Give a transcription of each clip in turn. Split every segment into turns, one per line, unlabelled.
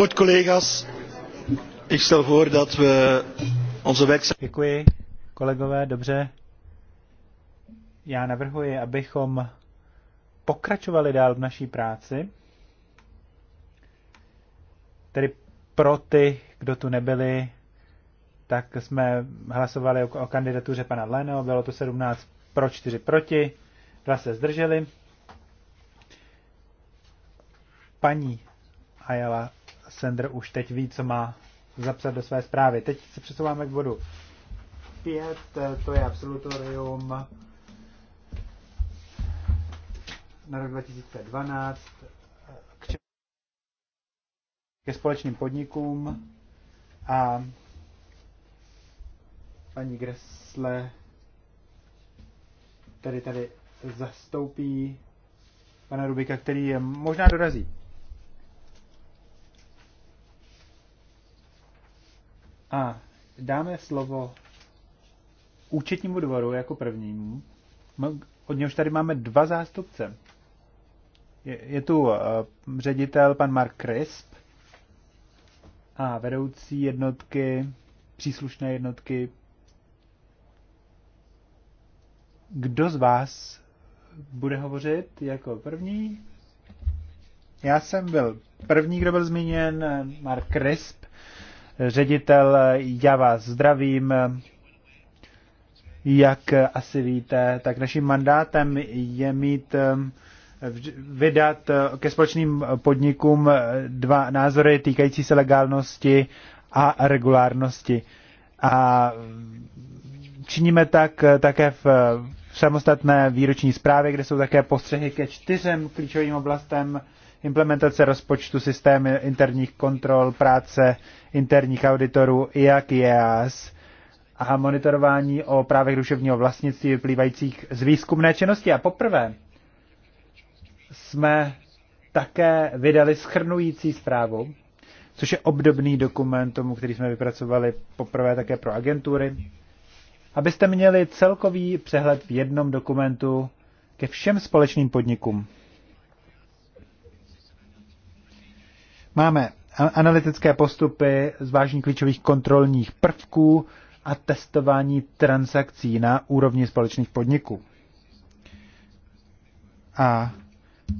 Goed, collega's. Ik stel voor dat we onze werkzaamheden... Děkuji, kolegové, dobře. Já navrhuji, abychom pokračovali dál v naší práci. Tedy pro ty, kdo tu nebyli, tak jsme hlasovali o, o kandidatuře pana Leno, bylo to 17 pro 4 proti, dva se zdrželi. Paní Ayala Sender už teď ví, co má zapsat do své zprávy. Teď se přesouváme k bodu 5, eh, to je absolutorium na rok 2012 eh, k čem... ke společným podnikům a paní Gresle tady tady zastoupí pana Rubika, který je možná dorazí. A dáme slovo účetnímu dvoru jako prvnímu. Od něhož tady máme dva zástupce. Je, je tu uh, ředitel pan Mark Crisp a vedoucí jednotky, příslušné jednotky. Kdo z vás bude hovořit jako první? Já jsem byl první, kdo byl zmíněn, Mark Crisp ředitel, já vás zdravím. Jak asi víte, tak naším mandátem je mít ehm, vydat eh, ke společným podnikům eh, dva názory týkající se legálnosti a regulárnosti. A ehm, činíme tak eh, také v samostatné výroční zprávě, kde jsou také postřehy ke čtyřem klíčovým oblastem implementace rozpočtu, systémy interních kontrol, práce interních auditorů, jak IAS a monitorování o právech duševního vlastnictví vyplývajících z výzkumné činnosti. A poprvé jsme také vydali schrnující zprávu, což je obdobný dokument tomu, který jsme vypracovali poprvé také pro agentury, abyste měli celkový přehled v jednom dokumentu ke všem společným podnikům. Máme analytické postupy, zvážení klíčových kontrolních prvků a testování transakcí na úrovni společných podniků. A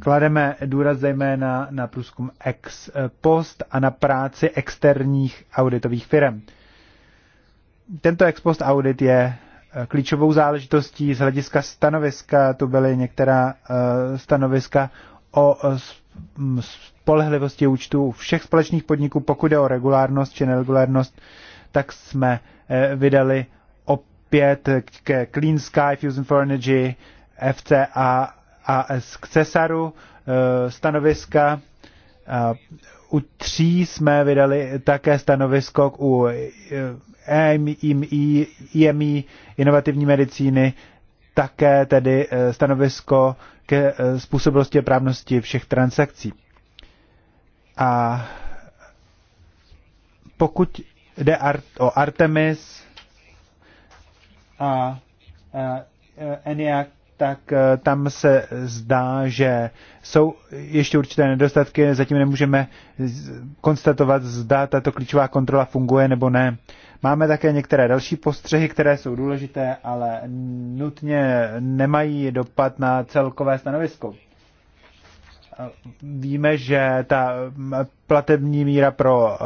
klademe důraz zejména na průzkum ex post a na práci externích auditových firm. Tento ex post audit je e, klíčovou záležitostí z hlediska stanoviska. Tu byly některá e, stanoviska o e, spolehlivosti účtů všech společných podniků, pokud je o regulárnost či neregulárnost, tak jsme eh, vydali opět ke Clean Sky, Fusion for Energy, FCA a k Cesaru eh, stanoviska. Eh, u tří jsme vydali také stanovisko u EMI inovativní medicíny, také tedy stanovisko ke eh, způsobilosti a právnosti všech transakcí. A pokud jde o Artemis a eh, eh, Eniak, tak eh, tam se zdá, že jsou ještě určité nedostatky, zatím nemůžeme konstatovat, zda tato klíčová kontrola funguje nebo ne. Máme také některé další postřehy, které jsou důležité, ale nutně nemají dopad na celkové stanovisko. Eh, víme, že ta mm, platební míra pro eh,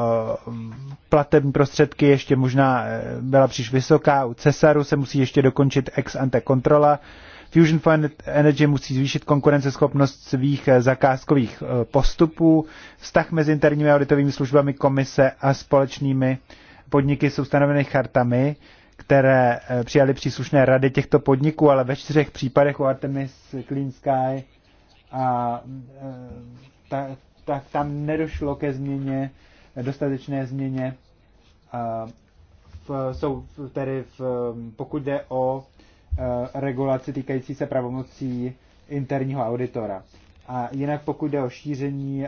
platební prostředky ještě možná byla příliš vysoká. U Cesaru se musí ještě dokončit ex ante kontrola Fusion Fund Energy musí zvýšit konkurenceschopnost svých eh, zakázkových eh, postupů. Vztah mezi interními auditovými službami komise a společnými podniky jsou stanoveny chartami, které eh, přijali příslušné rady těchto podniků, ale ve čtyřech případech u Artemis, Clean Sky a tak, ta, tam nedošlo ke změně, dostatečné změně. A v, jsou tedy, v, pokud jde o Eh, regulaci týkající se pravomocí interního auditora. A jinak pokud jde o šíření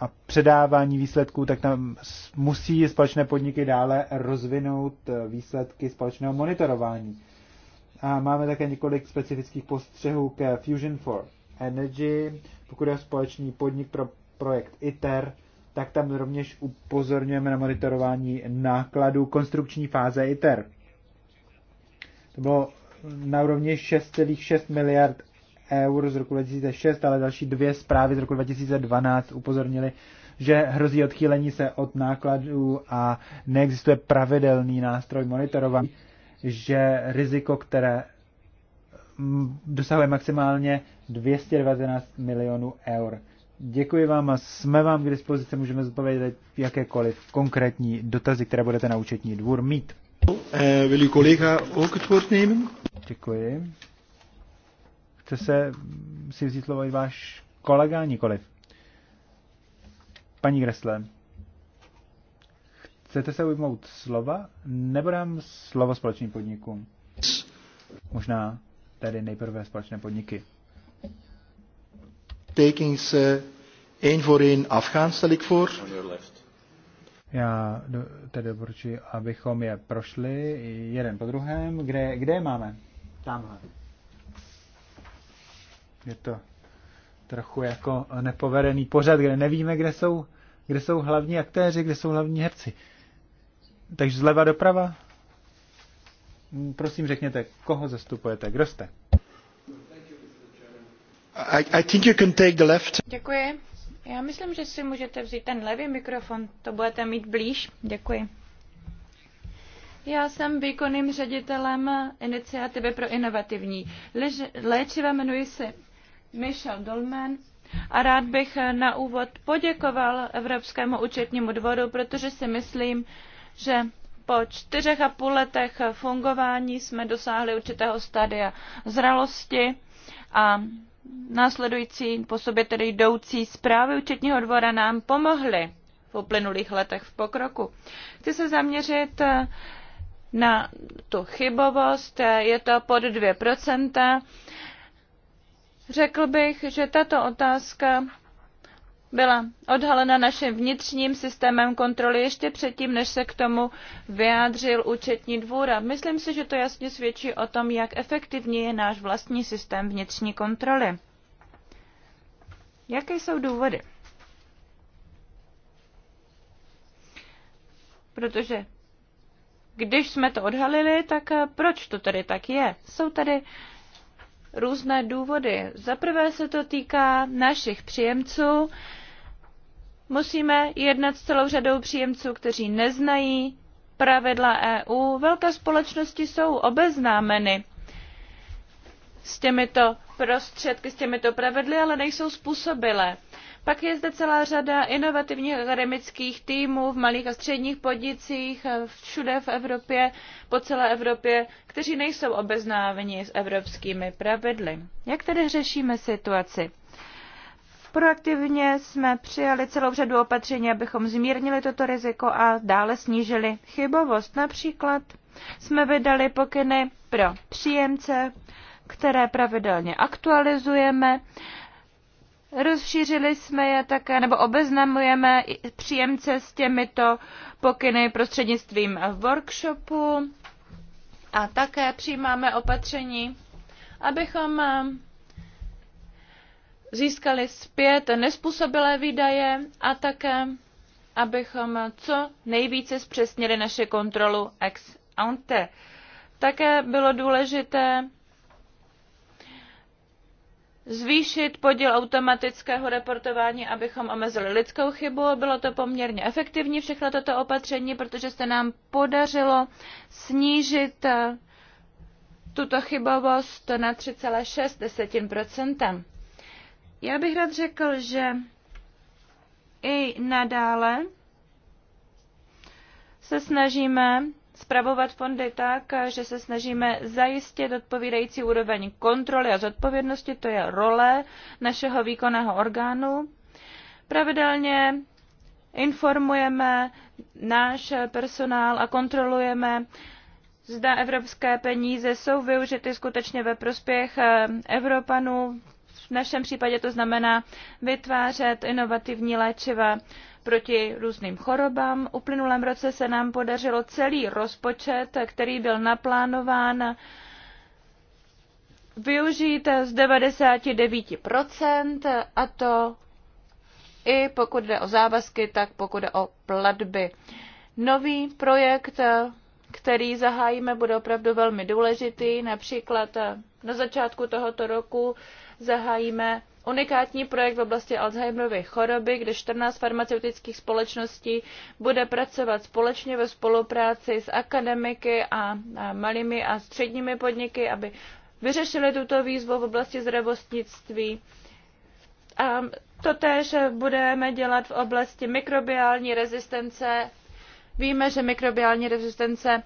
a předávání výsledků, tak tam musí společné podniky dále rozvinout eh, výsledky společného monitorování. A máme také několik specifických postřehů ke Fusion for Energy. Pokud je společný podnik pro projekt ITER, tak tam rovněž upozorňujeme na monitorování nákladů konstrukční fáze ITER. To bylo na úrovni 6,6 miliard eur z roku 2006, ale další dvě zprávy z roku 2012 upozornili, že hrozí odchýlení se od nákladů a neexistuje pravidelný nástroj monitorování, že riziko, které dosahuje maximálně 219 milionů eur. Děkuji vám a jsme vám k dispozici, můžeme zodpovědět jakékoliv konkrétní dotazy, které budete na účetní dvůr mít. Eh, Will ook het woord nemen? Děkuji. Chce se si vzít slovo i váš kolega? Nikoliv. Paní Gresle, chcete se ujmout slova? Nebo dám slovo společným podnikům? Možná tedy nejprve společné podniky. Tekens eh, één voor één afgaan, stel ik voor. On your left. Já tedy doporučuji, abychom je prošli jeden po druhém. Kde, kde je máme? Tamhle. Je to trochu jako nepovedený pořad, kde nevíme, kde jsou, kde jsou hlavní aktéři, kde jsou hlavní herci. Takže zleva doprava. Mm, prosím, řekněte, koho zastupujete, kdo jste? I, I think you can take the left.
Děkuji. Já myslím, že si můžete vzít ten levý mikrofon, to budete mít blíž. Děkuji. Já jsem výkonným ředitelem iniciativy pro inovativní léčiva, jmenuji se Michel Dolmen a rád bych na úvod poděkoval Evropskému účetnímu dvoru, protože si myslím, že po čtyřech a půl letech fungování jsme dosáhli určitého stadia zralosti a následující po sobě tedy jdoucí zprávy účetního dvora nám pomohly v uplynulých letech v pokroku. Chci se zaměřit eh, na tu chybovost, eh, je to pod 2%. Řekl bych, že tato otázka byla odhalena naším vnitřním systémem kontroly ještě předtím, než se k tomu vyjádřil účetní dvůr. A myslím si, že to jasně svědčí o tom, jak efektivní je náš vlastní systém vnitřní kontroly. Jaké jsou důvody? Protože když jsme to odhalili, tak eh, proč to tady tak je? Jsou tady různé důvody. Za prvé se to týká našich příjemců, musíme jednat s celou řadou příjemců, kteří neznají pravidla EU. Velké společnosti jsou obeznámeny s těmito prostředky, s těmito pravidly, ale nejsou způsobilé. Pak je zde celá řada inovativních akademických týmů v malých a středních podnicích všude v Evropě, po celé Evropě, kteří nejsou obeznámeni s evropskými pravidly. Jak tedy řešíme situaci? Proaktivně jsme přijali celou řadu opatření, abychom zmírnili toto riziko a dále snížili chybovost. Například jsme vydali pokyny pro příjemce, které pravidelně aktualizujeme. Rozšířili jsme je také, nebo obeznamujeme příjemce s těmito pokyny prostřednictvím workshopu a také přijímáme opatření, abychom získali zpět nespůsobilé výdaje a také, abychom co nejvíce zpřesnili naše kontrolu ex ante. Také bylo důležité zvýšit podíl automatického reportování, abychom omezili lidskou chybu. Bylo to poměrně efektivní všechno toto opatření, protože se nám podařilo snížit eh, tuto chybovost na 3,6 já bych rád řekl, že i nadále se snažíme zpravovat fondy tak, že se snažíme zajistit odpovídající úroveň kontroly a zodpovědnosti, to je role našeho výkonného orgánu. Pravidelně informujeme náš personál a kontrolujeme, zda evropské peníze jsou využity skutečně ve prospěch eh, Evropanů v našem případě to znamená vytvářet inovativní léčiva proti různým chorobám. V uplynulém roce se nám podařilo celý rozpočet, který byl naplánován, využít z 99% a to i pokud jde o závazky, tak pokud jde o platby. Nový projekt, který zahájíme, bude opravdu velmi důležitý. Například na začátku tohoto roku zahájíme unikátní projekt v oblasti Alzheimerovy choroby, kde 14 farmaceutických společností bude pracovat společně ve spolupráci s akademiky a malými a středními podniky, aby vyřešili tuto výzvu v oblasti zdravotnictví. A to též budeme dělat v oblasti mikrobiální rezistence. Víme, že mikrobiální rezistence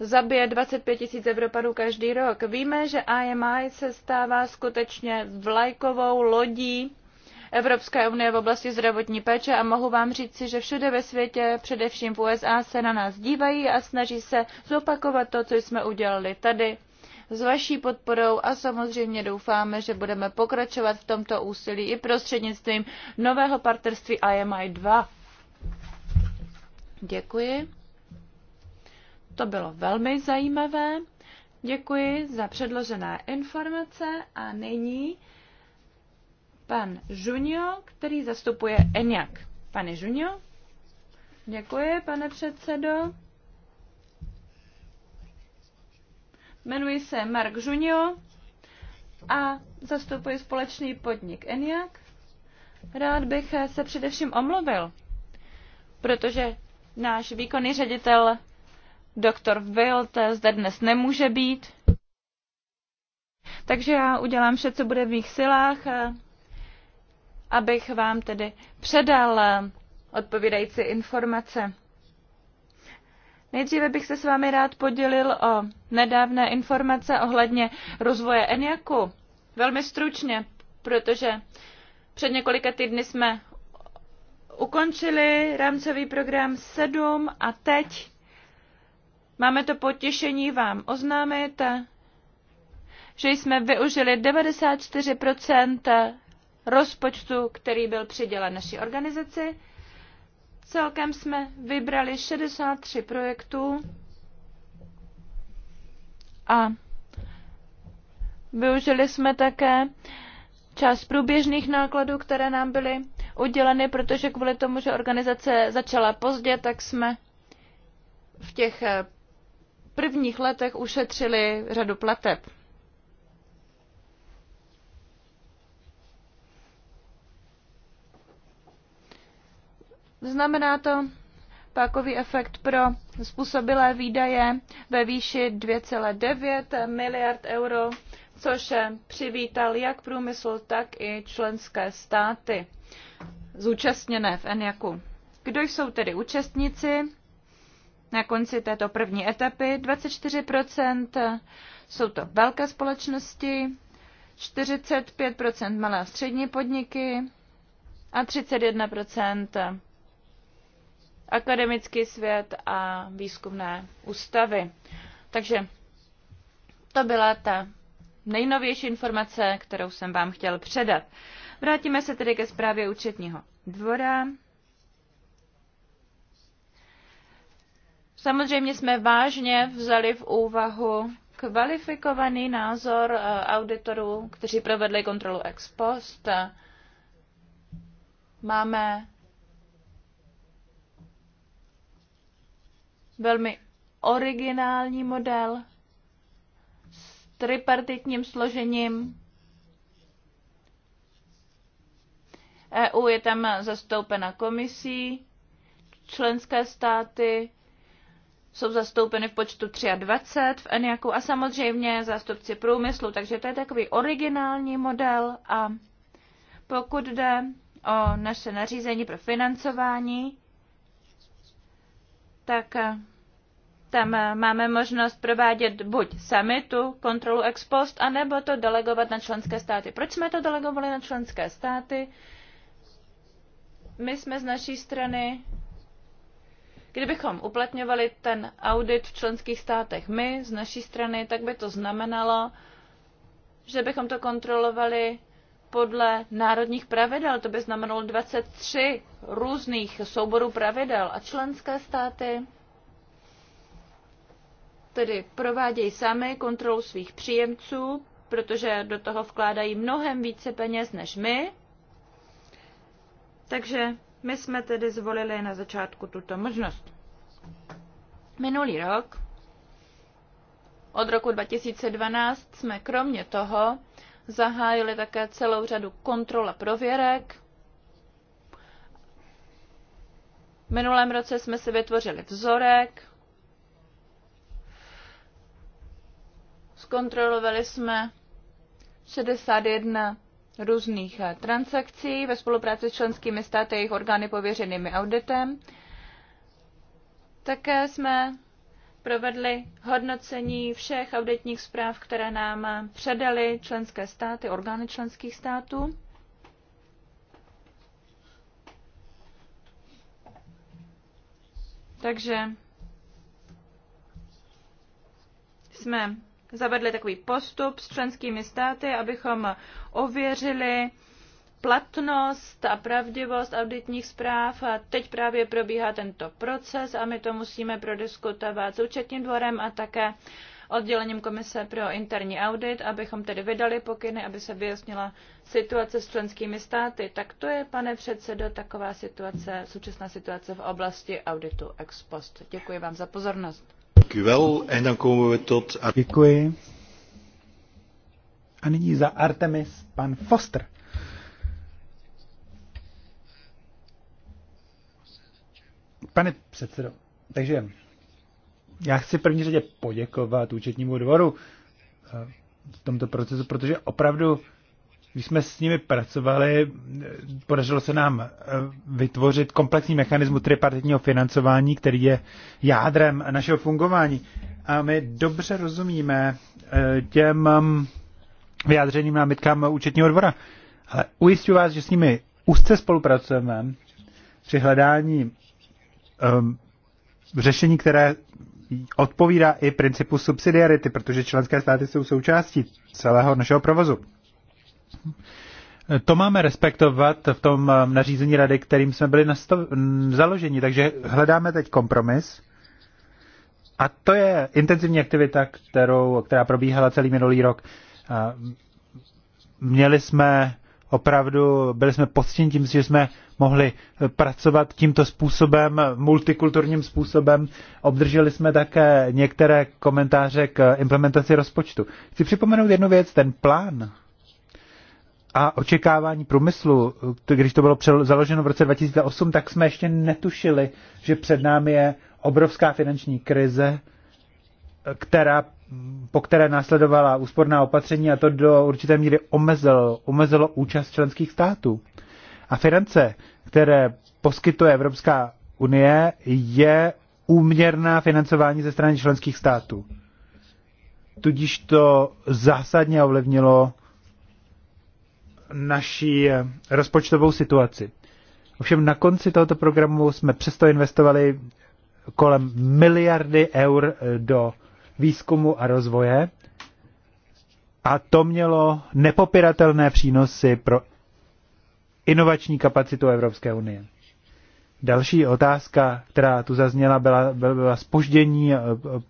zabije 25 tisíc Evropanů každý rok. Víme, že IMI se stává skutečně vlajkovou lodí Evropské unie v oblasti zdravotní péče a mohu vám říci, že všude ve světě, především v USA, se na nás dívají a snaží se zopakovat to, co jsme udělali tady s vaší podporou a samozřejmě doufáme, že budeme pokračovat v tomto úsilí i prostřednictvím nového partnerství IMI 2. Děkuji. To bylo velmi zajímavé. Děkuji za předložené informace a nyní pan Žunio, který zastupuje ENIAC. Pane Žunio? Děkuji, pane předsedo. Jmenuji se Mark Žunio a zastupuji společný podnik ENIAC. Rád bych se především omluvil, protože náš výkonný ředitel Doktor Wild zde dnes nemůže být. Takže já udělám vše, co bude v mých silách, eh, abych vám tedy předal eh, odpovídající informace. Nejdříve bych se s vámi rád podělil o nedávné informace ohledně rozvoje Eniaku. Velmi stručně, protože před několika týdny jsme ukončili rámcový program 7 a teď Máme to potěšení vám oznámit, že jsme využili 94 rozpočtu, který byl přidělen naší organizaci. Celkem jsme vybrali 63 projektů a využili jsme také část průběžných nákladů, které nám byly uděleny, protože kvůli tomu, že organizace začala pozdě, tak jsme v těch eh, prvních letech ušetřili řadu plateb. Znamená to pákový efekt pro způsobilé výdaje ve výši 2,9 miliard euro, což přivítal jak průmysl, tak i členské státy zúčastněné v ENIACu. Kdo jsou tedy účastníci? na konci této první etapy. 24% jsou to velké společnosti, 45% malé a střední podniky a 31% akademický svět a výzkumné ústavy. Takže to byla ta nejnovější informace, kterou jsem vám chtěl předat. Vrátíme se tedy ke zprávě účetního dvora. Samozřejmě jsme vážně vzali v úvahu kvalifikovaný názor eh, auditorů, kteří provedli kontrolu ex post. Máme velmi originální model s tripartitním složením. EU je tam zastoupena komisí, členské státy, jsou zastoupeny v počtu 23 v ENIACu a samozřejmě zástupci průmyslu, takže to je takový originální model a pokud jde o naše nařízení pro financování, tak eh, tam eh, máme možnost provádět buď sami tu kontrolu ex post, anebo to delegovat na členské státy. Proč jsme to delegovali na členské státy? My jsme z naší strany Kdybychom uplatňovali ten audit v členských státech my z naší strany, tak by to znamenalo, že bychom to kontrolovali podle národních pravidel. To by znamenalo 23 různých souborů pravidel a členské státy tedy provádějí sami kontrolu svých příjemců, protože do toho vkládají mnohem více peněz než my. Takže my jsme tedy zvolili na začátku tuto možnost. Minulý rok, od roku 2012, jsme kromě toho zahájili také celou řadu kontrol a prověrek. V minulém roce jsme si vytvořili vzorek, zkontrolovali jsme 61 různých eh, transakcí ve spolupráci s členskými státy a jejich orgány pověřenými auditem. Také jsme provedli hodnocení všech auditních zpráv, které nám předali členské státy, orgány členských států. Takže jsme zavedli takový postup s členskými státy, abychom ověřili platnost a pravdivost auditních zpráv. A teď právě probíhá tento proces a my to musíme prodiskutovat s účetním dvorem a také oddělením Komise pro interní audit, abychom tedy vydali pokyny, aby se vyjasnila situace s členskými státy. Tak to je, pane předsedo, taková situace, současná situace v oblasti auditu ex post. Děkuji vám za pozornost.
Děkuji. A nyní za Artemis pan Foster. Pane předsedo, takže já chci první řadě poděkovat účetnímu dvoru eh, v tomto procesu, protože opravdu když jsme s nimi pracovali, podařilo se nám eh, vytvořit komplexní mechanismus tripartitního financování, který je jádrem našeho fungování. A my dobře rozumíme eh, těm mm, vyjádřeným námitkám účetního dvora. Ale ujistím vás, že s nimi úzce spolupracujeme při hledání um, řešení, které odpovídá i principu subsidiarity, protože členské státy jsou součástí celého našeho provozu to máme respektovat v tom um, nařízení rady, kterým jsme byli založeni. Takže hledáme teď kompromis. A to je intenzivní aktivita, kterou, která probíhala celý minulý rok. Měli jsme opravdu, byli jsme poctěni tím, že jsme mohli pracovat tímto způsobem, multikulturním způsobem. Obdrželi jsme také některé komentáře k implementaci rozpočtu. Chci připomenout jednu věc, ten plán a očekávání průmyslu, když to bylo založeno v roce 2008, tak jsme ještě netušili, že před námi je obrovská finanční krize, která, po které následovala úsporná opatření a to do určité míry omezilo, omezilo účast členských států. A finance, které poskytuje Evropská unie, je úměrná financování ze strany členských států. Tudíž to zásadně ovlivnilo naší eh, rozpočtovou situaci. Ovšem na konci tohoto programu jsme přesto investovali kolem miliardy eur eh, do výzkumu a rozvoje a to mělo nepopiratelné přínosy pro inovační kapacitu Evropské unie. Další otázka, která tu zazněla, byla, byla spoždění eh,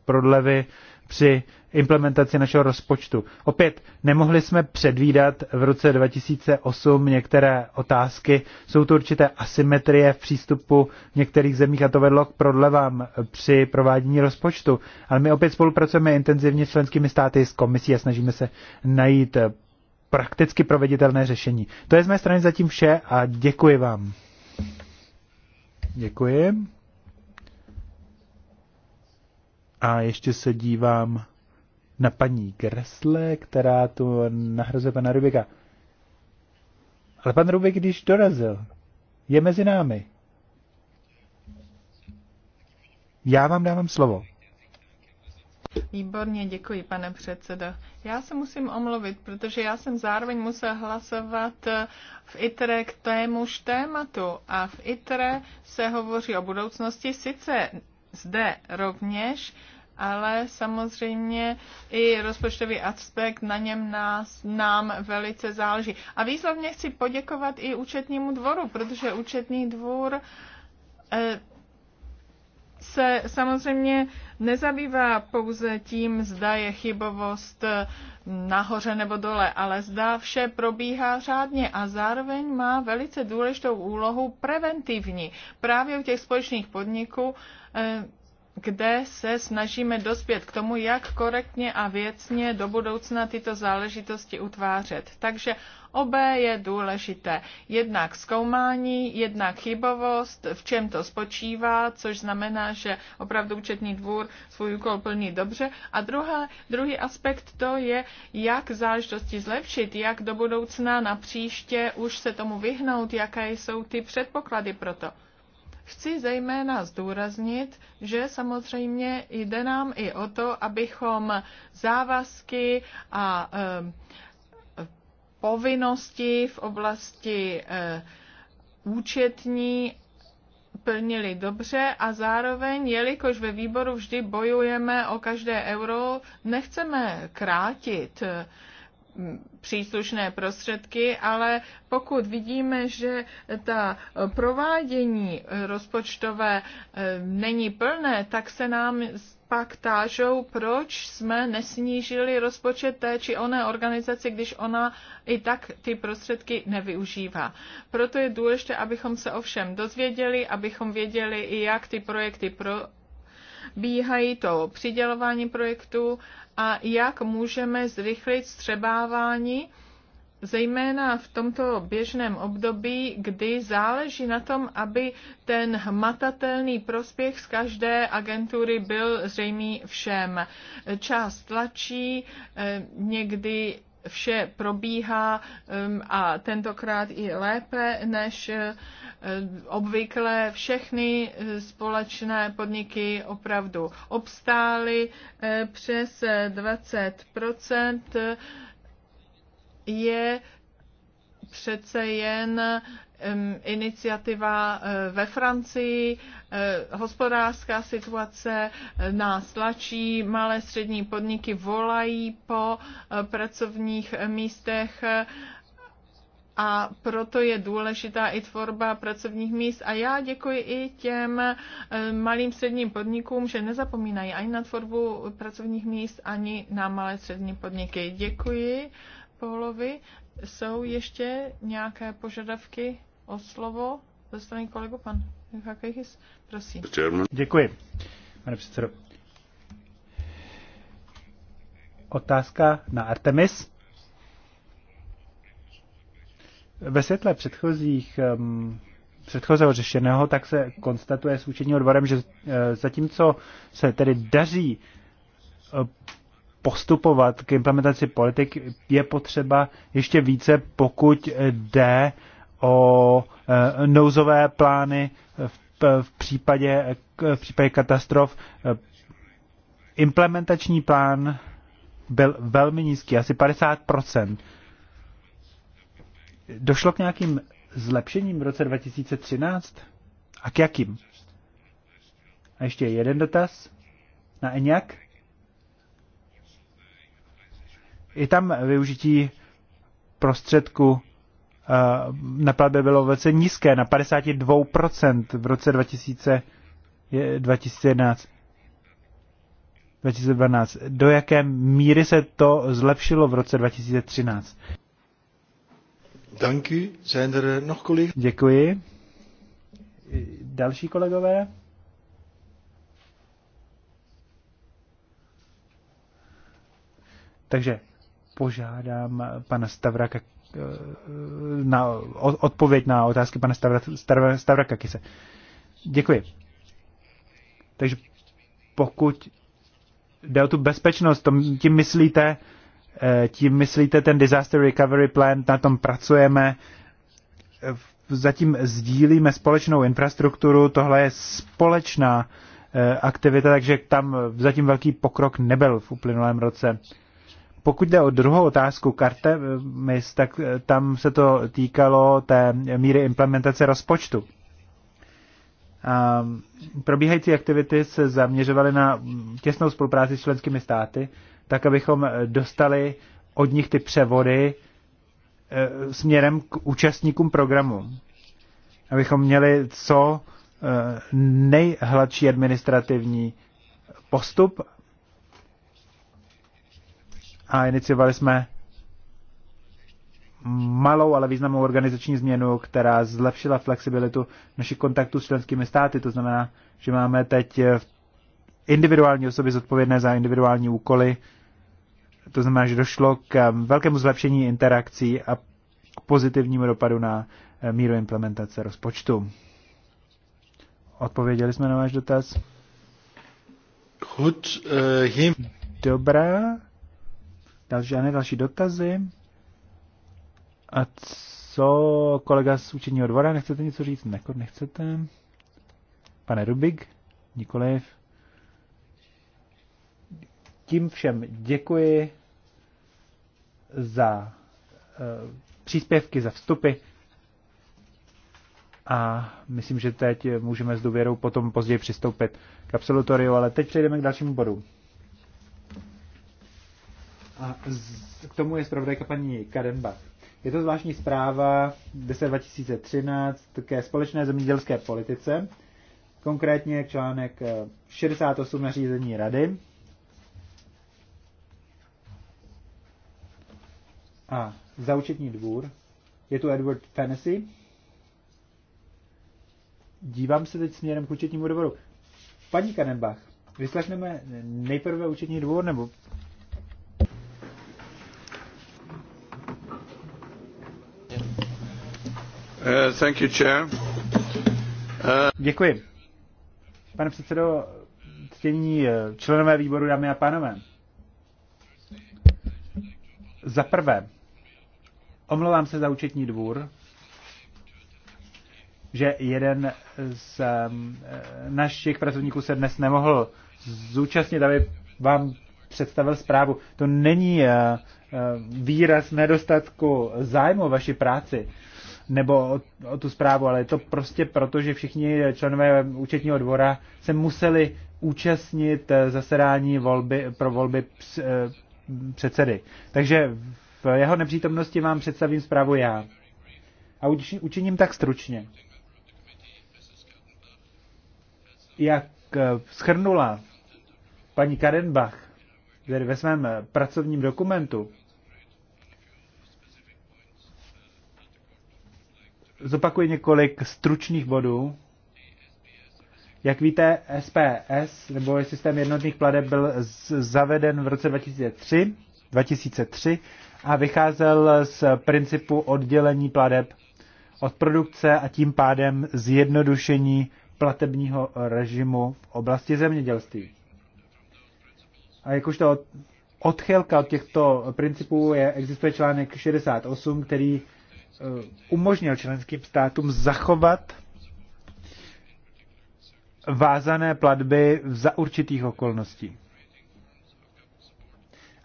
prodlevy při implementaci našeho rozpočtu. Opět, nemohli jsme předvídat v roce 2008 některé otázky. Jsou to určité asymetrie v přístupu v některých zemích a to vedlo k prodlevám při provádění rozpočtu. Ale my opět spolupracujeme intenzivně s členskými státy, s komisí a snažíme se najít prakticky proveditelné řešení. To je z mé strany zatím vše a děkuji vám. Děkuji. A ještě se dívám na paní Gresle, která tu nahrazuje pana Rubika. Ale pan Rubik, když dorazil, je mezi námi. Já vám dávám slovo.
Výborně, děkuji, pane předsedo. Já se musím omluvit, protože já jsem zároveň musel hlasovat eh, v ITRE k témuž tématu a v ITRE se hovoří o budoucnosti sice zde rovněž, ale samozřejmě i rozpočtový aspekt na něm nás, nám velice záleží. A výslovně chci poděkovat i účetnímu dvoru, protože účetní dvůr eh, se samozřejmě nezabývá pouze tím, zda je chybovost eh, nahoře nebo dole, ale zda vše probíhá řádně a zároveň má velice důležitou úlohu preventivní. Právě u těch společných podniků eh, kde se snažíme dospět k tomu, jak korektně a věcně do budoucna tyto záležitosti utvářet. Takže obé je důležité. Jednak zkoumání, jednak chybovost, v čem to spočívá, což znamená, že opravdu účetní dvůr svůj úkol plní dobře. A druhá, druhý aspekt to je, jak záležitosti zlepšit, jak do budoucna na příště už se tomu vyhnout, jaké jsou ty předpoklady pro to. Chci zejména zdůraznit, že samozřejmě jde nám i o to, abychom závazky a e, povinnosti v oblasti e, účetní plnili dobře a zároveň, jelikož ve výboru vždy bojujeme o každé euro, nechceme krátit. E, příslušné prostředky, ale pokud vidíme, že ta provádění rozpočtové eh, není plné, tak se nám pak tážou, proč jsme nesnížili rozpočet té či oné organizace, když ona i tak ty prostředky nevyužívá. Proto je důležité, abychom se ovšem dozvěděli, abychom věděli i jak ty projekty pro, probíhají to přidělování projektů a jak můžeme zrychlit střebávání, zejména v tomto běžném období, kdy záleží na tom, aby ten hmatatelný prospěch z každé agentury byl zřejmý všem. Čas tlačí, eh, někdy vše probíhá um, a tentokrát i lépe než eh, obvykle. Všechny eh, společné podniky opravdu obstály eh, přes 20 je přece jen iniciativa e, ve Francii, e, hospodářská situace e, nás tlačí, malé střední podniky volají po pracovních místech a proto je důležitá i tvorba pracovních míst. A já děkuji i těm malým středním podnikům, že nezapomínají ani na tvorbu pracovních míst, ani na malé střední podniky. Děkuji Polovi Jsou ještě nějaké požadavky? o slovo ze strany kolegu pan Hakejhis. Prosím.
Děkuji, pane předsedo. Otázka na Artemis. Ve světle předchozích um, předchozího řešeného, tak se konstatuje s účetním odborem, že e, zatímco se tedy daří e, postupovat k implementaci politik, je potřeba ještě více, pokud jde o e, nouzové plány v případě, v případě katastrof. E, implementační plán byl velmi nízký, asi 50%. Došlo k nějakým zlepšením v roce 2013? A k jakým? A ještě jeden dotaz na Eňak. Je tam využití prostředku Eh, neplatby bylo velice nízké, na 52% v roce 2000, 2011. 2012. Do jaké míry se to zlepšilo v roce 2013? Er, eh, Děkuji. Další kolegové? Takže požádám pana Stavraka Eh, na odpověď na otázky pana Stavra, Stavra, Kakise. Děkuji. Takže pokud jde o tu bezpečnost, tom, tím myslíte, eh, tím myslíte ten Disaster Recovery Plan, na tom pracujeme, zatím sdílíme společnou infrastrukturu, tohle je společná eh, aktivita, takže tam zatím velký pokrok nebyl v uplynulém roce. Pokud jde o druhou otázku eh, MIS, tak eh, tam se to týkalo té míry implementace rozpočtu. A probíhající aktivity se zaměřovaly na těsnou spolupráci s členskými státy, tak abychom eh, dostali od nich ty převody směrem k účastníkům programu. Abychom měli co nejhladší administrativní postup a iniciovali jsme malou, ale významnou organizační změnu, která zlepšila flexibilitu našich kontaktů s členskými státy. To znamená, že máme teď individuální osoby zodpovědné za individuální úkoly. To znamená, že došlo k velkému zlepšení interakcí a k pozitivnímu dopadu na míru implementace rozpočtu. Odpověděli jsme na váš dotaz? Eh, Dobrá. Další, žádné další dotazy? A co kolega z učeního dvora, nechcete něco říct? Ne, nechcete? Pane Rubik? Nikoliv. Tím všem děkuji za e, příspěvky, za vstupy a myslím, že teď můžeme s důvěrou potom později přistoupit k absolutoriu, ale teď přejdeme k dalšímu bodu. A k tomu je zpravodajka paní Kadenbach. Je to zvláštní zpráva 10 2013 ke společné zemědělské politice, konkrétně článek 68 eh, nařízení rady. A za účetní dvůr je tu Edward Fennessy. Dívám se teď směrem k účetnímu dvoru. Paní Kadenbach, vyslechneme nejprve účetní dvůr, nebo
Uh, uh,
Děkuji. Pane předsedo, ctění eh, členové výboru, dámy a pánové. Za prvé, omlouvám se za účetní dvůr, že jeden z eh, našich pracovníků se dnes nemohl zúčastnit, aby vám představil zprávu. To není eh, Eh, výraz nedostatku zájmu o vaši práci nebo o, o tu zprávu, ale je to prostě proto, že všichni členové účetního dvora se museli účastnit eh, zasedání volby, pro volby eh, předsedy. Takže v jeho nepřítomnosti vám představím zprávu já. A učiním tak stručně. Jak schrnula paní Karenbach tedy ve svém eh, pracovním dokumentu, zopakuji několik stručných bodů. Jak víte, SPS, nebo systém jednotných pladeb, byl zaveden v roce 2003, 2003 a vycházel z principu oddělení pladeb od produkce a tím pádem zjednodušení platebního režimu v oblasti zemědělství. A jakožto odchylka od těchto principů je, existuje článek 68, který eh, umožnil členským státům zachovat vázané platby za určitých okolností.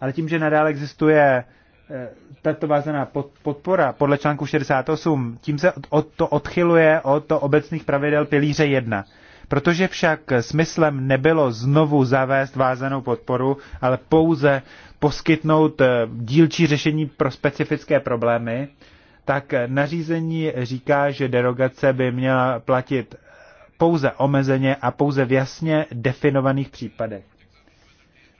Ale tím, že nadále existuje eh, tato vázaná podpora podle článku 68, tím se to odchyluje od to obecných pravidel pilíře 1. Protože však smyslem nebylo znovu zavést vázanou podporu, ale pouze poskytnout eh, dílčí řešení pro specifické problémy, tak nařízení říká, že derogace by měla platit pouze omezeně a pouze v jasně definovaných případech.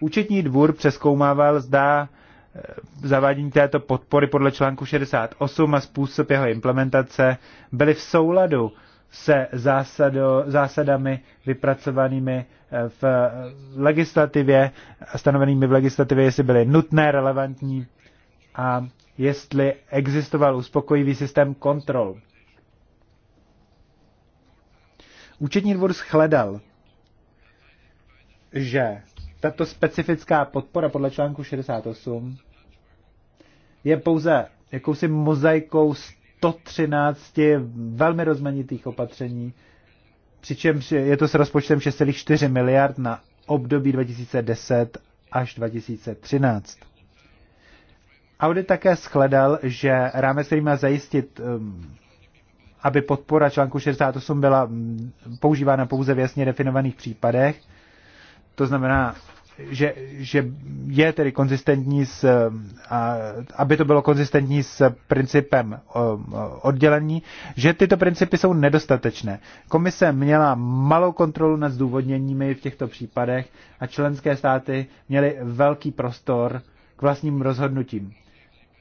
Účetní dvůr přeskoumával, zda eh, zavádění této podpory podle článku 68 a způsob jeho implementace byly v souladu se zásado, zásadami vypracovanými eh, v legislativě, stanovenými v legislativě, jestli byly nutné, relevantní a jestli existoval uspokojivý systém kontrol. Účetní dvůr shledal, že tato specifická podpora podle článku 68 je pouze jakousi mozaikou 113 velmi rozmanitých opatření, přičemž je to s rozpočtem 6,4 miliard na období 2010 až 2013. Audit také shledal, že rámec, který má zajistit, um, aby podpora článku 68 byla um, používána pouze v jasně definovaných případech, to znamená že, že je tedy konzistentní s, aby to bylo konzistentní s principem oddělení, že tyto principy jsou nedostatečné. Komise měla malou kontrolu nad zdůvodněními v těchto případech a členské státy měly velký prostor k vlastním rozhodnutím.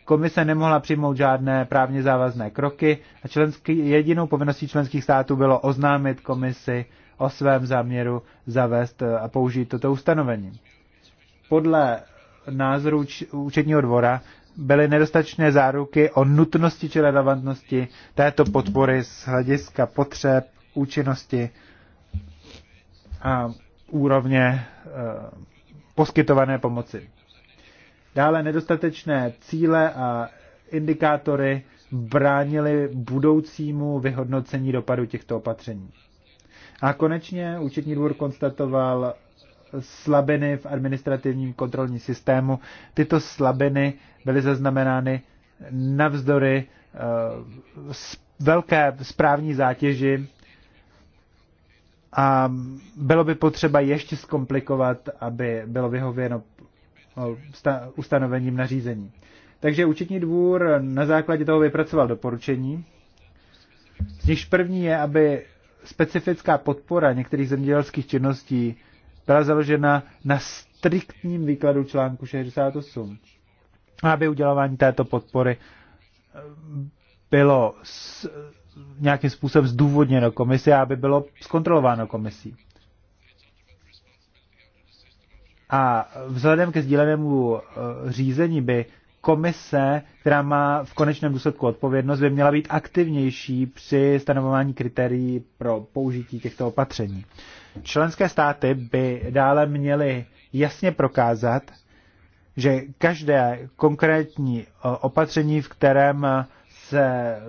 Komise nemohla přijmout žádné právně závazné kroky a členský, jedinou povinností členských států bylo oznámit komisi o svém záměru zavést eh, a použít toto ustanovení. Podle názoru účetního dvora byly nedostatečné záruky o nutnosti či relevantnosti této podpory z hlediska potřeb, účinnosti a úrovně eh, poskytované pomoci. Dále nedostatečné cíle a indikátory bránili budoucímu vyhodnocení dopadu těchto opatření. A konečně účetní dvůr konstatoval slabiny v administrativním kontrolním systému. Tyto slabiny byly zaznamenány navzdory eh, velké správní zátěži a bylo by potřeba ještě zkomplikovat, aby bylo vyhověno eh, ustanovením nařízení. Takže účetní dvůr na základě toho vypracoval doporučení, z nichž první je, aby specifická podpora některých zemědělských činností byla založena na striktním výkladu článku 68, aby udělování této podpory eh, bylo s, nějakým způsobem zdůvodněno komisi a aby bylo zkontrolováno komisí. A vzhledem ke sdílenému eh, řízení by komise, která má v konečném důsledku odpovědnost, by měla být aktivnější při stanovování kritérií pro použití těchto opatření. Členské státy by dále měly jasně prokázat, že každé konkrétní e, opatření, v kterém se e,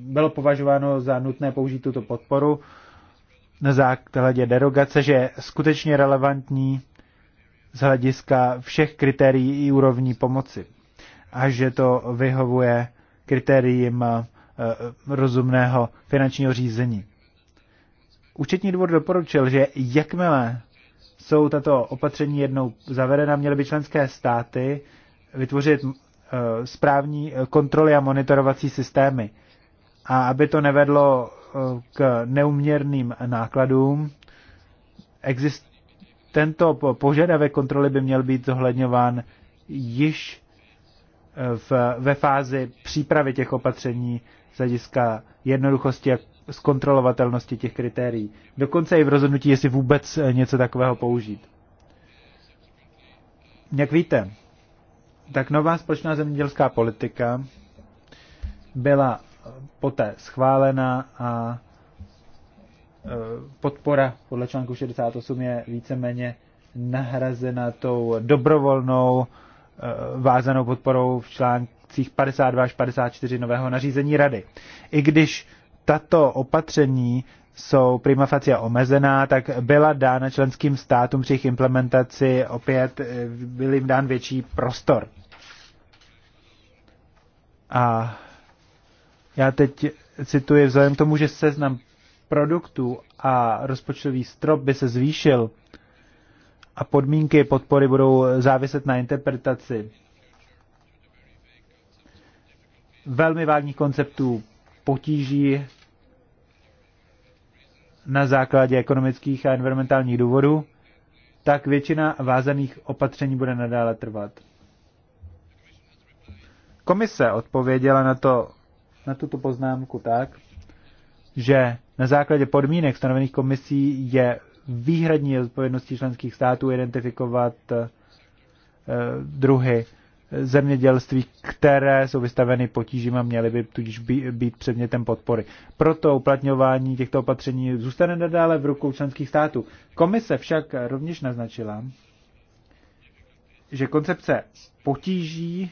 bylo považováno za nutné použít tuto podporu na základě derogace, že je skutečně relevantní z hlediska všech kritérií i úrovní pomoci a že to vyhovuje kritériím eh, eh, rozumného finančního řízení. Účetní dvor doporučil, že jakmile jsou tato opatření jednou zavedena, měly by členské státy vytvořit eh, správní kontroly a monitorovací systémy. A aby to nevedlo k neuměrným nákladům, exist- tento požadavek kontroly by měl být zohledňován již v, ve fázi přípravy těch opatření z hlediska jednoduchosti a zkontrolovatelnosti těch kritérií. Dokonce i v rozhodnutí, jestli vůbec eh, něco takového použít. Jak víte, tak nová společná zemědělská politika byla eh, poté schválena a eh, podpora podle článku 68 je víceméně nahrazena tou dobrovolnou Eh, vázanou podporou v článcích 52 až 54 nového nařízení rady. I když tato opatření jsou prima facie omezená, tak byla dána členským státům při jejich implementaci opět eh, byl jim dán větší prostor. A já teď cituji, vzhledem k tomu, že seznam produktů a rozpočtový strop by se zvýšil a podmínky podpory budou záviset na interpretaci velmi vágních konceptů potíží na základě ekonomických a environmentálních důvodů, tak většina vázaných opatření bude nadále trvat. Komise odpověděla na, to, na tuto poznámku tak, že na základě podmínek stanovených komisí je výhradní odpovědností členských států identifikovat eh, druhy zemědělství, které jsou vystaveny potížím a měly by tudíž být předmětem podpory. Proto uplatňování těchto opatření zůstane nadále v rukou členských států. Komise však rovněž naznačila, že koncepce potíží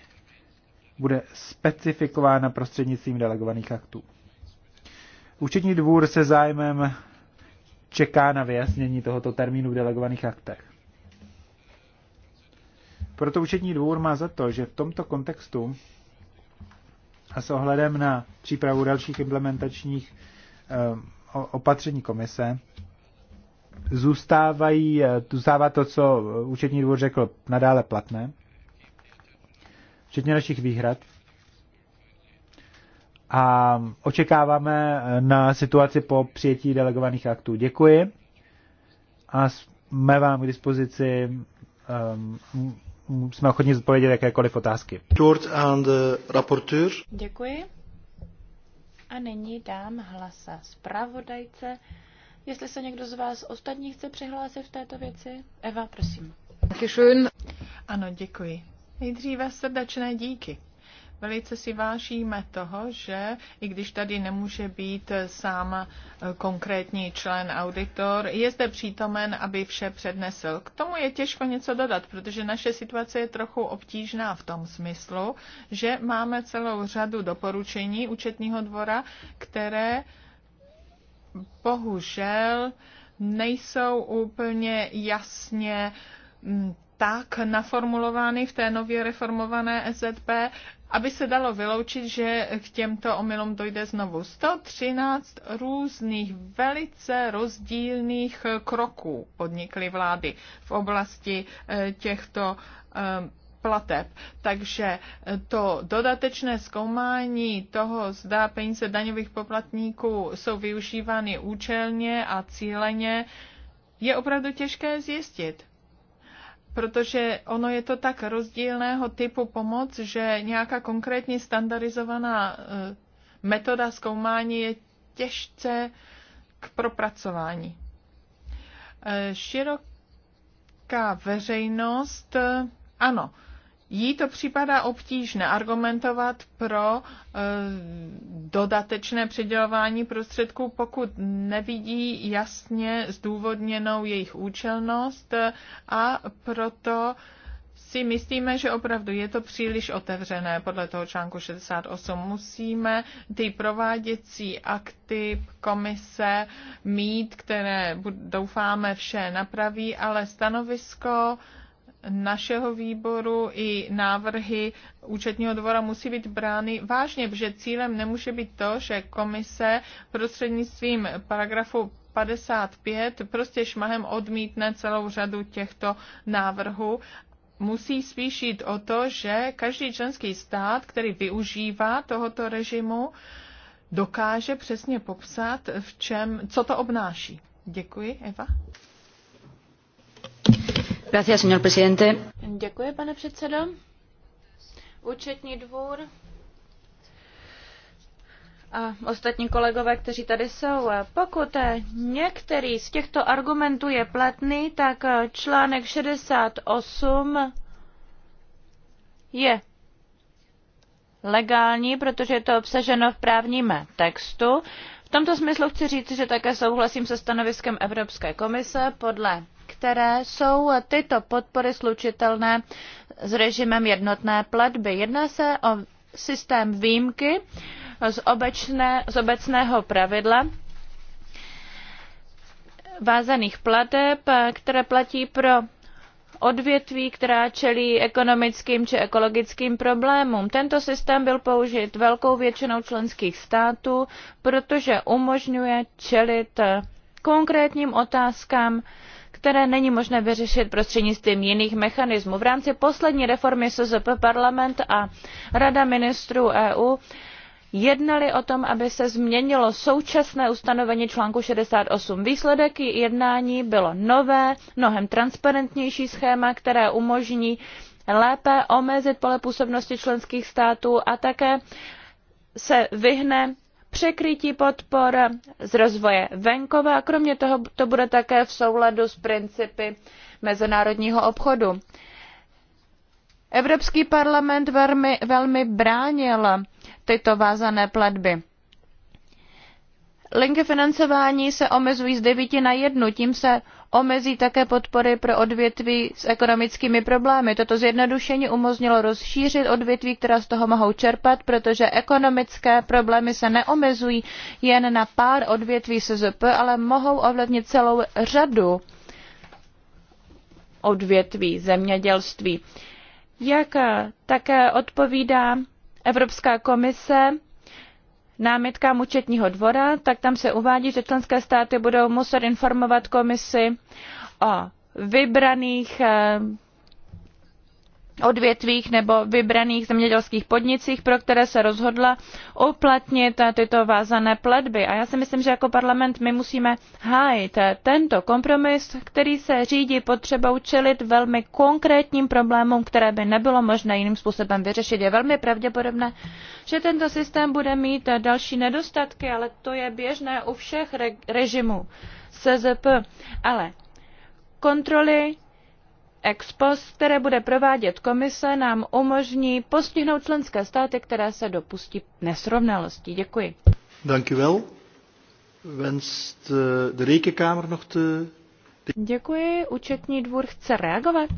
bude specifikována prostřednictvím delegovaných aktů. Účetní dvůr se zájmem čeká na vyjasnění tohoto termínu v delegovaných aktech. Proto účetní dvůr má za to, že v tomto kontextu a s ohledem na přípravu dalších implementačních eh, opatření komise zůstávají, eh, zůstává to, co účetní dvůr řekl, nadále platné, včetně našich výhrad a očekáváme eh, na situaci po přijetí delegovaných aktů. Děkuji a jsme vám k dispozici, um, jsme ochotni zodpovědět jakékoliv otázky. And, uh,
Děkuji. A nyní dám hlasa zpravodajce. Jestli se někdo z vás ostatních chce přihlásit v této věci?
Eva, prosím. Ano, děkuji. Nejdříve srdečné díky Velice si vážíme toho, že i když tady nemůže být sám eh, konkrétní člen auditor, je zde přítomen, aby vše přednesl. K tomu je těžko něco dodat, protože naše situace je trochu obtížná v tom smyslu, že máme celou řadu doporučení účetního dvora, které bohužel nejsou úplně jasně mm, tak naformulovány v té nově reformované SZP, aby se dalo vyloučit, že k těmto omylům dojde znovu. 113 různých velice rozdílných kroků podnikly vlády v oblasti eh, těchto eh, plateb. Takže eh, to dodatečné zkoumání toho, zda peníze daňových poplatníků jsou využívány účelně a cíleně, je opravdu těžké zjistit protože ono je to tak rozdílného typu pomoc, že nějaká konkrétní standardizovaná e, metoda zkoumání je těžce k propracování. E, široká veřejnost, ano, jí to připadá obtížné argumentovat pro eh, dodatečné přidělování prostředků, pokud nevidí jasně zdůvodněnou jejich účelnost eh, a proto si myslíme, že opravdu je to příliš otevřené podle toho článku 68. Musíme ty prováděcí akty komise mít, které doufáme vše napraví, ale stanovisko našeho výboru i návrhy účetního dvora musí být brány vážně, protože cílem nemůže být to, že komise prostřednictvím paragrafu 55 prostě šmahem odmítne celou řadu těchto návrhů musí spíš jít o to, že každý členský stát, který využívá tohoto režimu, dokáže přesně popsat, v čem, co to obnáší. Děkuji, Eva. Děkuji,
pane předsedající Účetní dvůr a ostatní kolegové, kteří tady jsou. Pokud některý z těchto argumentů je platný, tak článek 68 je legální, protože je to obsaženo v právním textu. V tomto smyslu chci říci že také souhlasím se stanoviskem Evropské komise, podle které jsou tyto podpory slučitelné s režimem jednotné platby. Jedná se o systém výjimky z, obecné, z obecného pravidla vázaných plateb, které platí pro odvětví, která čelí ekonomickým či ekologickým problémům. Tento systém byl použit velkou většinou členských států, protože umožňuje čelit konkrétním otázkám, které není možné vyřešit prostřednictvím jiných mechanismů. v rámci poslední reformy szp parlament a rada ministrů eu jednali o tom aby se změnilo současné ustanovení článku. sixty eight výsledek jednání bylo nové mnohem transparentnější schéma které umožní lépe omezit pole působnosti členských států a také se vyhne překrytí podpor z rozvoje venkova a kromě toho to bude také v souladu s principy mezinárodního obchodu. Evropský parlament velmi, velmi bránil tyto vázané platby. Linky financování se omezují z 9 na 1, tím se omezí také podpory pro odvětví s ekonomickými problémy. Toto zjednodušení umožnilo rozšířit odvětví, která z toho mohou čerpat, protože ekonomické problémy se neomezují jen na pár odvětví SZP, ale mohou ovlivnit celou řadu odvětví zemědělství. Jak také odpovídá Evropská komise námitkám účetního dvora, tak tam se uvádí, že členské státy budou muset informovat komisi o vybraných eh, odvětvích nebo vybraných zemědělských podnicích, pro které se rozhodla uplatnit tyto vázané platby. A já si myslím, že jako parlament my musíme hájit tento kompromis, který se řídí potřebou čelit velmi konkrétním problémům, které by nebylo možné jiným způsobem vyřešit. Je velmi pravděpodobné, že tento systém bude mít další nedostatky, ale to je běžné u všech re- režimů SZP. Ale kontroly ex post, které bude provádět komise, nám umožní postihnout členské státy, které se dopustí nesrovnalostí. Děkuji.
Dankjewel. Wenst eh, de Rekenkamer nog te...
Děkuji. Účetní dvůr chce reagovat.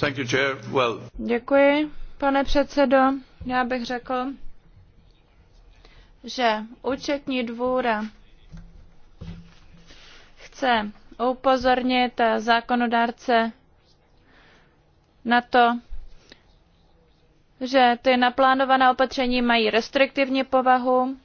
Thank you, chair. Well.
Děkuji, pane předsedo. Já bych řekl, že účetní dvůr chce upozornit zákonodárce na to, že ty naplánovaná opatření mají restriktivní povahu.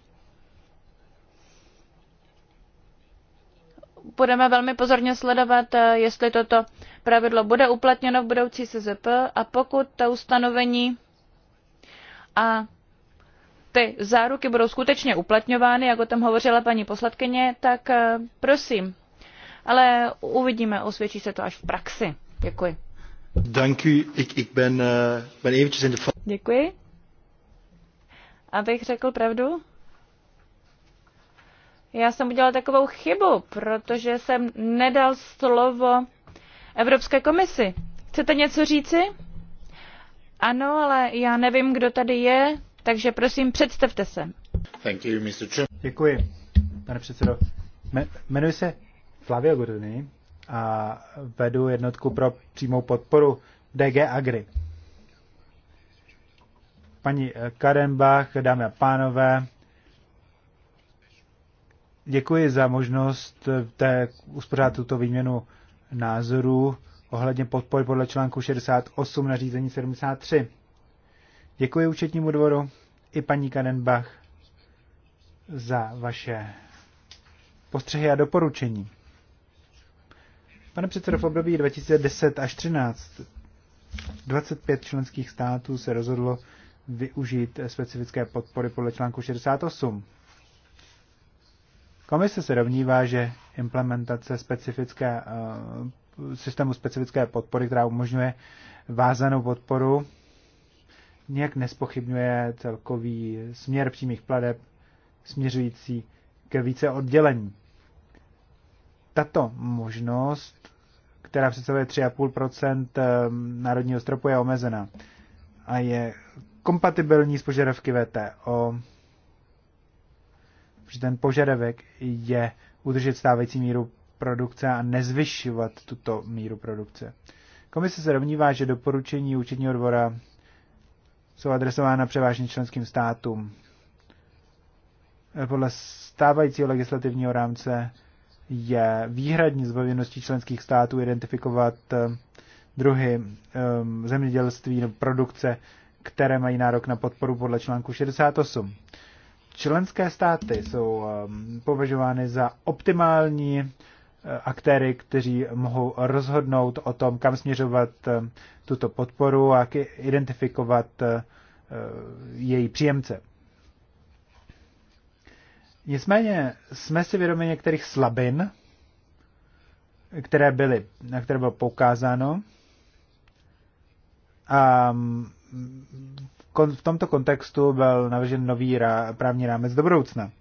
Budeme velmi pozorně sledovat, jestli toto pravidlo bude uplatněno v budoucí SZP a pokud to ustanovení a ty záruky budou skutečně uplatňovány, jak o tom hovořila paní posladkyně, tak eh, prosím, ale uvidíme, osvědčí se to až v praxi. Děkuji.
Eh, Děkuji.
Abych řekl pravdu, já jsem udělal takovou chybu, protože jsem nedal slovo Evropské komisi. Chcete něco říci? Ano, ale já nevím, kdo tady je, takže prosím, představte se.
Thank you, Mr. Děkuji, pane předsedo. Jmenuji se Flavio Gurdini a vedu jednotku pro přímou podporu DG Agri. Paní eh, Karenbach, dámy a pánové, děkuji za možnost eh, té, uspořádat tuto výměnu názorů ohledně podpory podle článku 68 nařízení 73. Děkuji účetnímu dvoru i paní Karenbach za vaše postřehy a doporučení. Pane předsedo, v období 2010 až 2013 25 členských států se rozhodlo využít specifické podpory podle článku 68. Komise se domnívá, že implementace specifické, eh, systému specifické podpory, která umožňuje vázanou podporu, nějak nespochybňuje celkový směr přímých pladeb směřující ke více oddělení. Tato možnost, která představuje 3,5 ehm, národního stropu, je omezená a je kompatibilní s požadavky VTO, protože ten požadavek je udržet stávající míru produkce a nezvyšovat tuto míru produkce. Komise se domnívá, že doporučení účetního dvora jsou adresována převážně členským státům. Podle stávajícího legislativního rámce je výhradní zbavěností členských států identifikovat eh, druhy ehm, zemědělství nebo produkce, které mají nárok na podporu podle článku 68. Členské státy jsou ehm, považovány za optimální eh, aktéry, kteří mohou rozhodnout o tom, kam směřovat eh, tuto podporu a identifikovat její příjemce. Nicméně jsme si vědomi některých slabin, které byly, na které bylo poukázáno. A mm, v tomto kontextu byl navržen nový právní rámec do budoucna.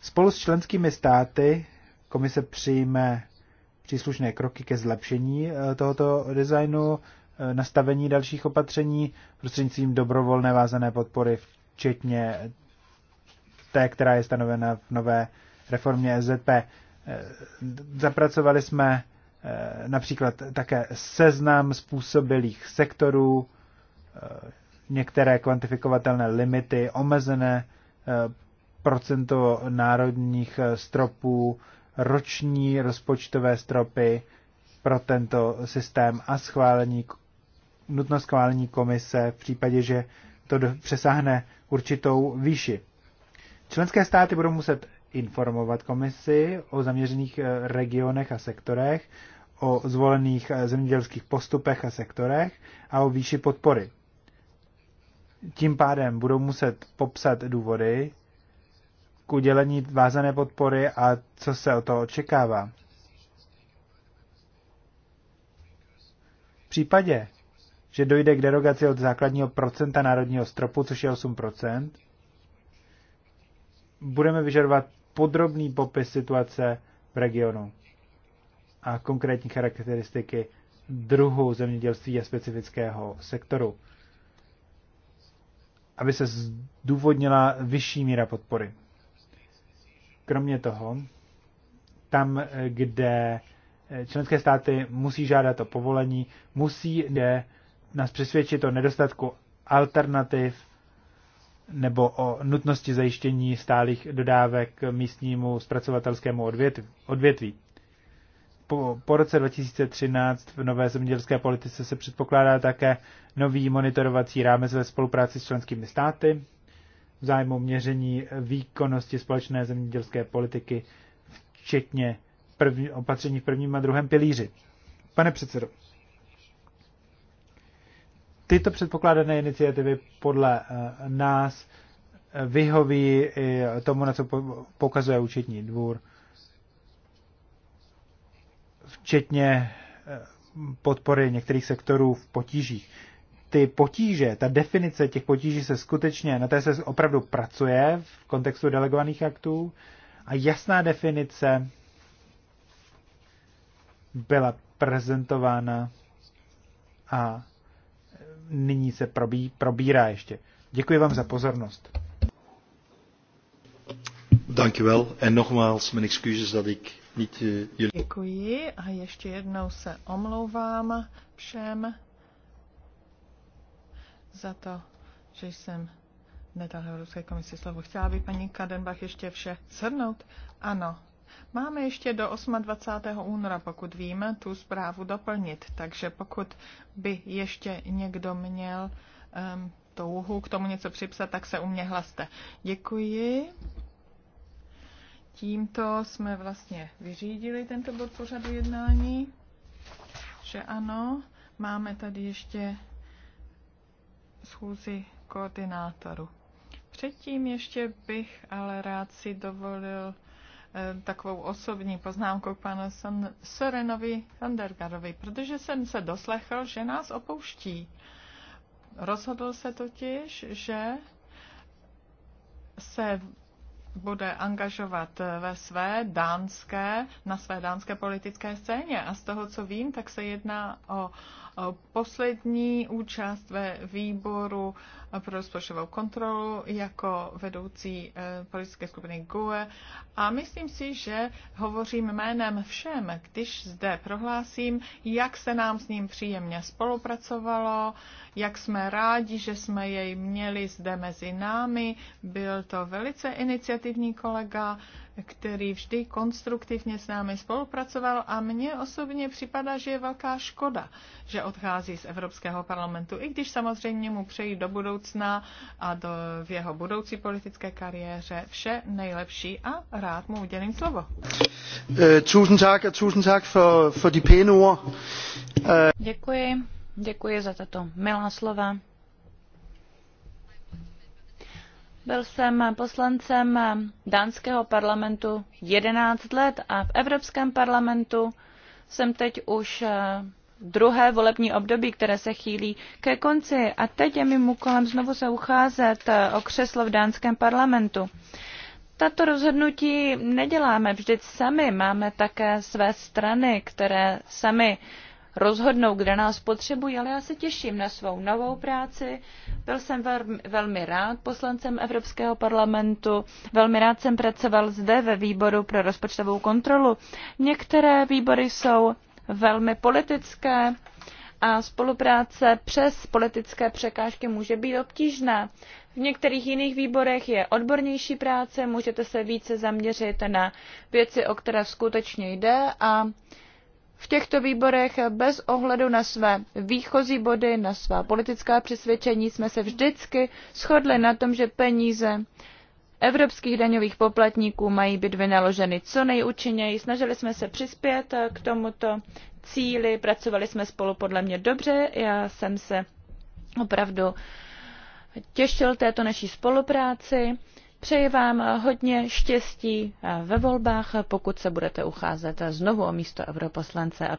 Spolu s členskými státy komise přijme příslušné kroky ke zlepšení e, tohoto designu, e, nastavení dalších opatření prostřednictvím dobrovolné vázané podpory, včetně té, která je stanovena v nové reformě SZP. E eh, zapracovali jsme eh, například také seznam způsobilých sektorů, eh, některé kvantifikovatelné limity, omezené procento národních stropů, roční rozpočtové stropy pro tento systém a schválení, nutnost schválení komise v případě, že to přesáhne určitou výši. Členské státy budou muset informovat komisi o zaměřených eh, regionech a sektorech, o zvolených eh, zemědělských postupech a sektorech a o výši podpory. Tím pádem budou muset popsat důvody k udělení vázané podpory a co se o to očekává. V případě, že dojde k derogaci od základního procenta národního stropu, což je 8 budeme vyžadovat podrobný popis situace v regionu a konkrétní charakteristiky druhou zemědělství a specifického sektoru, aby se zdůvodnila vyšší míra podpory. Kromě toho, tam, kde členské státy musí žádat o povolení, musí je nás přesvědčit o nedostatku alternativ nebo o nutnosti zajištění stálých dodávek místnímu zpracovatelskému odvětví. Po, po roce 2013 v nové zemědělské politice se předpokládá také nový monitorovací rámec ve spolupráci s členskými státy v zájmu měření výkonnosti společné zemědělské politiky, včetně první, opatření v prvním a druhém pilíři. Pane předsedo, tyto předpokládané iniciativy podle eh, nás eh, vyhoví tomu, na co pokazuje účetní dvůr, včetně eh, podpory některých sektorů v potížích. Ty potíže, ta definice těch potíží se skutečně, na té se opravdu pracuje v kontextu delegovaných aktů a jasná definice byla prezentována a nyní se probí, probírá ještě. Děkuji vám za pozornost. Dankjewel en nogmaals mijn excuses dat ik niet uh, jullie...
Děkuji a ještě jednou se omlouvám všem za to, že jsem nedal Evropské komisi slovo. Chtěla by paní Kadenbach ještě vše shrnout? Ano. Máme ještě do 28. února, pokud víme, tu zprávu doplnit, takže pokud by ještě někdo měl um, touhu k tomu něco připsat, tak se u mě hlaste. Děkuji. Tímto jsme vlastně vyřídili tento bod pořadu jednání, že ano. Máme tady ještě schůzi koordinátoru. Předtím ještě bych ale rád si dovolil Eh, takovou osobní poznámku k panu Sorenovi Sandergarovi, protože jsem se doslechl, že nás opouští. Rozhodl se totiž, že se bude angažovat ve své dánské, na své dánské politické scéně. A z toho, co vím, tak se jedná o poslední účast ve výboru pro rozpočtovou kontrolu jako vedoucí eh, politické skupiny GUE a myslím si, že hovořím jménem všem, když zde prohlásím, jak se nám s ním příjemně spolupracovalo, jak jsme rádi, že jsme jej měli zde mezi námi. Byl to velice iniciativní kolega, který vždy konstruktivně s námi spolupracoval a mně osobně připadá, že je velká škoda, že odchází z Evropského parlamentu, i když samozřejmě mu přeji do budoucna a do, v jeho budoucí politické kariéře vše nejlepší a rád mu udělím slovo.
Eh,
děkuji, děkuji za tato milá slova. Byl jsem poslancem dánského parlamentu 11 let a v Evropském parlamentu jsem teď už eh, druhé volební období, které se chýlí ke konci a teď je mým úkolem znovu se ucházet eh, o křeslo v dánském parlamentu. Tato rozhodnutí neděláme vždyť sami, máme také své strany, které sami rozhodnou, kde nás potřebují, ale já se těším na svou novou práci. Byl jsem velmi, velmi rád poslancem Evropského parlamentu, velmi rád jsem pracoval zde ve výboru pro rozpočtovou kontrolu. Některé výbory jsou velmi politické a spolupráce přes politické překážky může být obtížná. V některých jiných výborech je odbornější práce, můžete se více zaměřit na věci, o které skutečně jde a v těchto výborech bez ohledu na své výchozí body, na svá politická přesvědčení jsme se vždycky shodli na tom, že peníze evropských daňových poplatníků mají být vynaloženy co nejúčinněji. Snažili jsme se přispět k tomuto cíli, pracovali jsme spolu podle mě dobře, já jsem se opravdu těšil této naší spolupráci Přeji vám hodně štěstí ve volbách, pokud se budete ucházet znovu o místo europoslance.